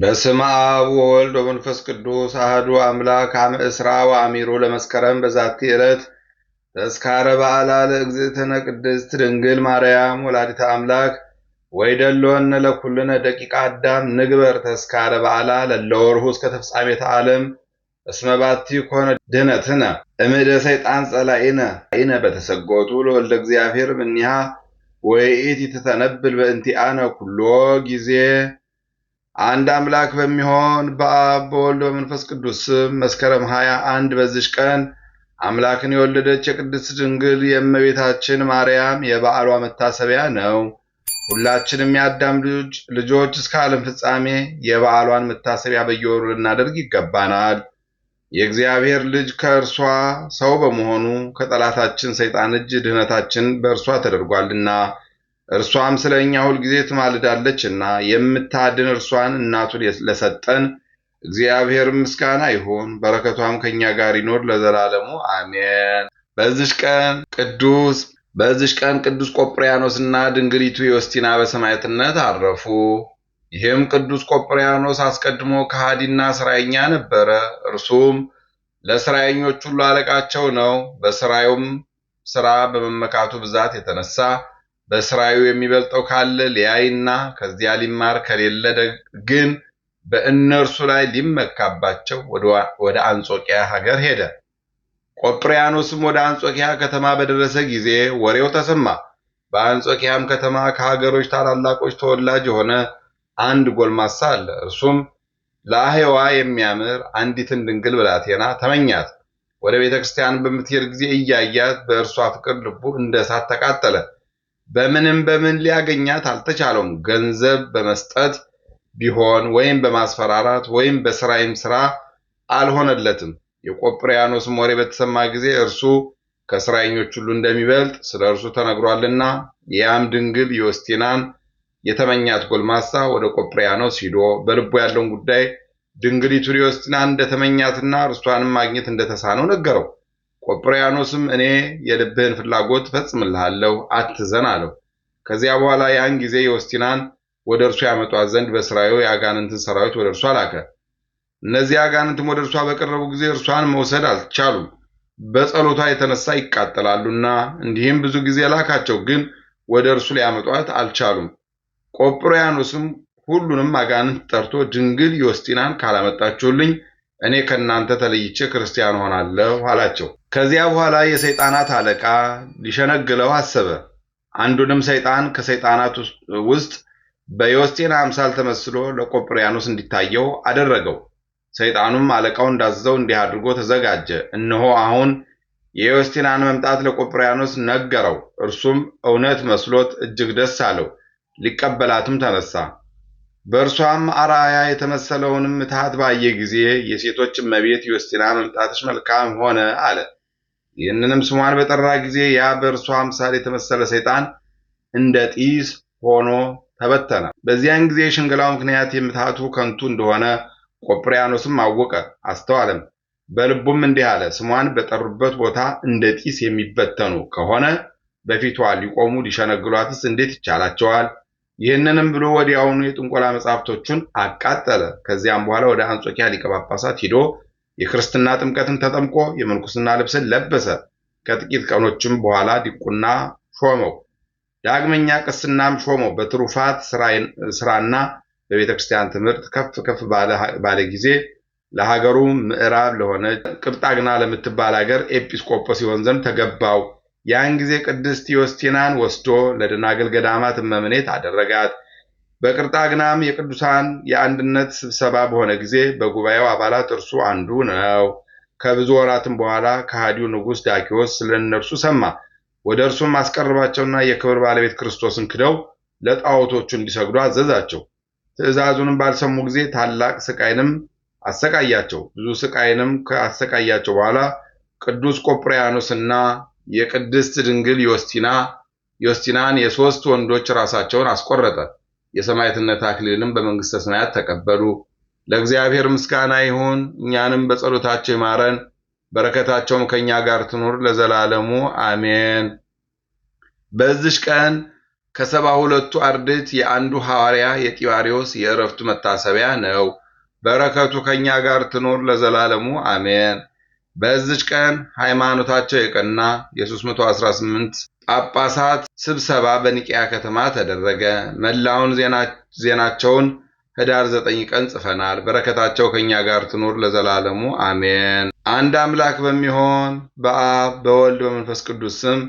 በስመ አብ ወወልድ ወመንፈስ ቅዱስ አህዱ አምላክ አመ እስራ ወአሚሮ ለመስከረም በዛቲ ዕለት ተስካረ በዓላ ለእግዝእትነ ቅድስት ድንግል ማርያም ወላዲተ አምላክ ወይደሎን ለኩልነ ደቂቃ አዳም ንግበር ተስካረ በዓላ ለለወርሁ እስከ ተፍጻሜተ ዓለም እስመ ባቲ ኮነ ድነትነ እምደ ሰይጣን ጸላኢነ ኢነ በተሰጎቱ ለወልደ እግዚአብሔር ወይኢት ወይኢቲ በእንቲ አነ ኩሎ ጊዜ አንድ አምላክ በሚሆን በአብ በወልድ በመንፈስ ቅዱስ ስም መስከረም ሀያ አንድ በዚች ቀን አምላክን የወለደች የቅድስት ድንግል የእመቤታችን ማርያም የበዓሏ መታሰቢያ ነው። ሁላችንም የአዳም ልጆች እስከ ዓለም ፍጻሜ የበዓሏን መታሰቢያ በየወሩ ልናደርግ ይገባናል። የእግዚአብሔር ልጅ ከእርሷ ሰው በመሆኑ ከጠላታችን ሰይጣን እጅ ድህነታችን በእርሷ ተደርጓልና እርሷም ስለ እኛ ሁልጊዜ ትማልዳለች እና የምታድን እርሷን እናቱ ለሰጠን እግዚአብሔር ምስጋና ይሁን። በረከቷም ከእኛ ጋር ይኖር ለዘላለሙ አሜን። በዚሽ ቀን ቅዱስ በዚሽ ቀን ቅዱስ እና ድንግሊቱ ዮስቲና በሰማዕትነት አረፉ። ይህም ቅዱስ ቆጵሪያኖስ አስቀድሞ ከሃዲና ስራይኛ ነበረ። እርሱም ለስራይኞች ሁሉ አለቃቸው ነው። በስራዩም ስራ በመመካቱ ብዛት የተነሳ በስራዩ የሚበልጠው ካለ ሊያይና ከዚያ ሊማር ከሌለ ግን በእነርሱ ላይ ሊመካባቸው ወደ አንጾኪያ ሀገር ሄደ። ቆጵሪያኖስም ወደ አንጾኪያ ከተማ በደረሰ ጊዜ ወሬው ተሰማ። በአንጾኪያም ከተማ ከሀገሮች ታላላቆች ተወላጅ የሆነ አንድ ጎልማሳ አለ። እርሱም ለአህዋ የሚያምር አንዲትን ድንግል ብላቴና ተመኛት። ወደ ቤተ ክርስቲያን በምትሄድ ጊዜ እያያት በእርሷ ፍቅር ልቡ እንደ እሳት ተቃጠለ። በምንም በምን ሊያገኛት አልተቻለውም። ገንዘብ በመስጠት ቢሆን ወይም በማስፈራራት ወይም በስራይም ስራ አልሆነለትም። የቆጵሪያኖስም ወሬ በተሰማ ጊዜ እርሱ ከስራይኞች ሁሉ እንደሚበልጥ ስለ እርሱ ተነግሯልና፣ ያም ድንግል ዮስቲናን የተመኛት ጎልማሳ ወደ ቆጵሪያኖስ ሂዶ በልቡ ያለውን ጉዳይ ድንግሊቱ ዮስቲናን እንደተመኛትና እርሷንም ማግኘት እንደተሳነው ነገረው። ቆጵርያኖስም እኔ የልብህን ፍላጎት እፈጽምልሃለሁ፣ አትዘን አለው። ከዚያ በኋላ ያን ጊዜ ዮስቲናን ወደ እርሱ ያመጧት ዘንድ በስራዩ የአጋንንትን ሰራዊት ወደ እርሷ ላከ። እነዚህ አጋንንትም ወደ እርሷ በቀረቡ ጊዜ እርሷን መውሰድ አልቻሉም፣ በጸሎቷ የተነሳ ይቃጠላሉና። እንዲህም ብዙ ጊዜ ላካቸው፣ ግን ወደ እርሱ ሊያመጧት አልቻሉም። ቆጵርያኖስም ሁሉንም አጋንንት ጠርቶ ድንግል ዮስቲናን ካላመጣችሁልኝ እኔ ከእናንተ ተለይቼ ክርስቲያን ሆናለሁ አላቸው። ከዚያ በኋላ የሰይጣናት አለቃ ሊሸነግለው አሰበ። አንዱንም ሰይጣን ከሰይጣናት ውስጥ በዮስጢን አምሳል ተመስሎ ለቆጵሪያኖስ እንዲታየው አደረገው። ሰይጣኑም አለቃው እንዳዘዘው እንዲህ አድርጎ ተዘጋጀ። እነሆ አሁን የዮስቲናን መምጣት ለቆጵሪያኖስ ነገረው። እርሱም እውነት መስሎት እጅግ ደስ አለው። ሊቀበላትም ተነሳ። በእርሷም አርአያ የተመሰለውንም ምታት ባየ ጊዜ የሴቶች እመቤት ዮስጢና መምጣትሽ መልካም ሆነ አለ። ይህንንም ስሟን በጠራ ጊዜ ያ በእርሷ አምሳል የተመሰለ ሰይጣን እንደ ጢስ ሆኖ ተበተነ። በዚያን ጊዜ የሽንገላው ምክንያት የምትሃቱ ከንቱ እንደሆነ ቆፕሪያኖስም አወቀ አስተዋለም። በልቡም እንዲህ አለ፣ ስሟን በጠሩበት ቦታ እንደ ጢስ የሚበተኑ ከሆነ በፊቷ ሊቆሙ ሊሸነግሏትስ እንዴት ይቻላቸዋል? ይህንንም ብሎ ወዲያውኑ የጥንቆላ መጽሐፍቶቹን አቃጠለ። ከዚያም በኋላ ወደ አንጾኪያ ሊቀ ጳጳሳት ሂዶ የክርስትና ጥምቀትን ተጠምቆ የምንኩስና ልብስን ለበሰ። ከጥቂት ቀኖችም በኋላ ዲቁና ሾመው። ዳግመኛ ቅስናም ሾመው። በትሩፋት ስራና በቤተ ክርስቲያን ትምህርት ከፍ ከፍ ባለ ጊዜ ለሀገሩ ምዕራብ ለሆነ ቅብጣግና ለምትባል ሀገር ኤጲስቆጶስ ሲሆን ዘንድ ተገባው። ያን ጊዜ ቅድስት ዮስቲናን ወስዶ ለደናግል ገዳማት እመምኔት አደረጋት። በቅርጣግናም የቅዱሳን የአንድነት ስብሰባ በሆነ ጊዜ በጉባኤው አባላት እርሱ አንዱ ነው። ከብዙ ወራትም በኋላ ከሃዲው ንጉሥ ዳኪዎስ ስለ እነርሱ ሰማ። ወደ እርሱም አስቀርባቸውና የክብር ባለቤት ክርስቶስን ክደው ለጣዖቶቹ እንዲሰግዱ አዘዛቸው። ትእዛዙንም ባልሰሙ ጊዜ ታላቅ ስቃይንም አሰቃያቸው። ብዙ ስቃይንም ከአሰቃያቸው በኋላ ቅዱስ እና ። የቅድስት ድንግል ዮስቲና ዮስቲናን የሶስት ወንዶች ራሳቸውን አስቆረጠ። የሰማዕትነት አክሊልንም በመንግሥተ ሰማያት ተቀበሉ። ለእግዚአብሔር ምስጋና ይሁን፣ እኛንም በጸሎታቸው ይማረን፣ በረከታቸውም ከእኛ ጋር ትኑር ለዘላለሙ አሜን። በዚች ቀን ከሰባ ሁለቱ አርድእት የአንዱ ሐዋርያ የጢባሪዎስ የዕረፍቱ መታሰቢያ ነው። በረከቱ ከእኛ ጋር ትኑር ለዘላለሙ አሜን። በዚች ቀን ሃይማኖታቸው የቀና የ318 ጳጳሳት ስብሰባ በኒቅያ ከተማ ተደረገ። መላውን ዜናቸውን ህዳር ዘጠኝ ቀን ጽፈናል። በረከታቸው ከእኛ ጋር ትኑር ለዘላለሙ አሜን። አንድ አምላክ በሚሆን በአብ በወልድ በመንፈስ ቅዱስ ስም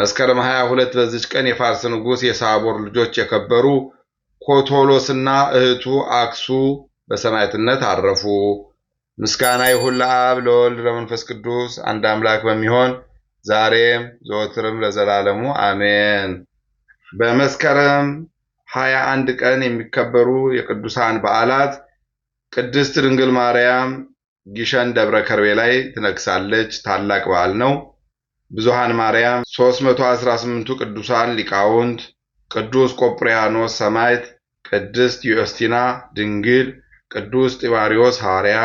መስከረም 22 በዚች ቀን የፋርስ ንጉሥ የሳቦር ልጆች የከበሩ ኮቶሎስና እህቱ አክሱ በሰማዕትነት አረፉ። ምስጋና ይሁን ለአብ ለወልድ ለመንፈስ ቅዱስ አንድ አምላክ በሚሆን ዛሬም ዘወትርም ለዘላለሙ አሜን። በመስከረም ሀያ አንድ ቀን የሚከበሩ የቅዱሳን በዓላት ቅድስት ድንግል ማርያም ጊሸን ደብረ ከርቤ ላይ ትነግሳለች። ታላቅ በዓል ነው። ብዙኃን ማርያም 318ቱ ቅዱሳን ሊቃውንት፣ ቅዱስ ቆጵሪያኖስ ሰማዕት፣ ቅድስት ዩስቲና ድንግል፣ ቅዱስ ጢባሪዎስ ሐዋርያ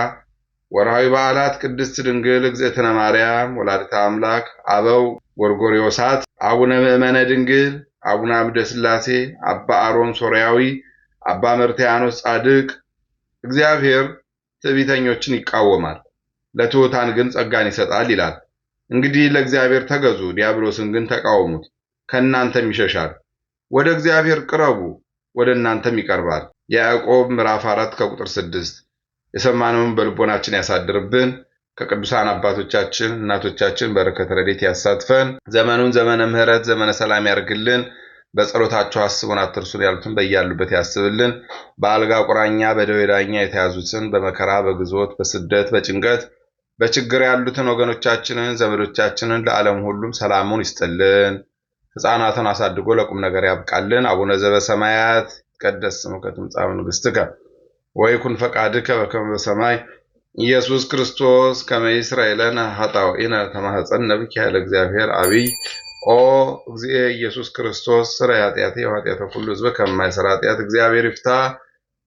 ወርሃዊ በዓላት ቅድስት ድንግል እግዝእትነ ማርያም ወላዲተ አምላክ፣ አበው ጎርጎርዮሳት፣ አቡነ ምእመነ ድንግል፣ አቡነ አብደ ሥላሴ፣ አባ አሮን ሶርያዊ፣ አባ መርትያኖስ ጻድቅ። እግዚአብሔር ትዕቢተኞችን ይቃወማል፣ ለትሑታን ግን ጸጋን ይሰጣል ይላል። እንግዲህ ለእግዚአብሔር ተገዙ፣ ዲያብሎስን ግን ተቃወሙት፣ ከእናንተም ይሸሻል። ወደ እግዚአብሔር ቅረቡ፣ ወደ እናንተም ይቀርባል። ያዕቆብ ምዕራፍ 4 ከቁጥር 6 የሰማነውን በልቦናችን ያሳድርብን። ከቅዱሳን አባቶቻችን እናቶቻችን በረከት ረድኤት ያሳትፈን። ዘመኑን ዘመነ ምሕረት ዘመነ ሰላም ያርግልን። በጸሎታቸው አስቡን አትርሱን ያሉትን በያሉበት ያስብልን። በአልጋ ቁራኛ በደዌ ዳኛ የተያዙትን በመከራ በግዞት በስደት በጭንቀት በችግር ያሉትን ወገኖቻችንን ዘመዶቻችንን ለዓለም ሁሉም ሰላሙን ይስጥልን። ሕፃናትን አሳድጎ ለቁም ነገር ያብቃልን። አቡነ ዘበሰማያት ይትቀደስ ስምከ ትምጻእ መንግሥትከ ወይኩን ፈቃድከ በከመ በሰማይ ኢየሱስ ክርስቶስ ከመ ይስረይ ለነ ኃጣውኢነ ተማኅፀነ ብኪ ኃይለ እግዚአብሔር አብይ ኦ እግዚእ ኢየሱስ ክርስቶስ ስራይ ኃጢአቴ ወኃጢአተ ኩሉ ሕዝበ ከማይሰራ ኃጢአት እግዚአብሔር ይፍታ።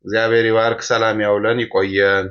እግዚአብሔር ይባርክ። ሰላም ያውለን፣ ይቆየን።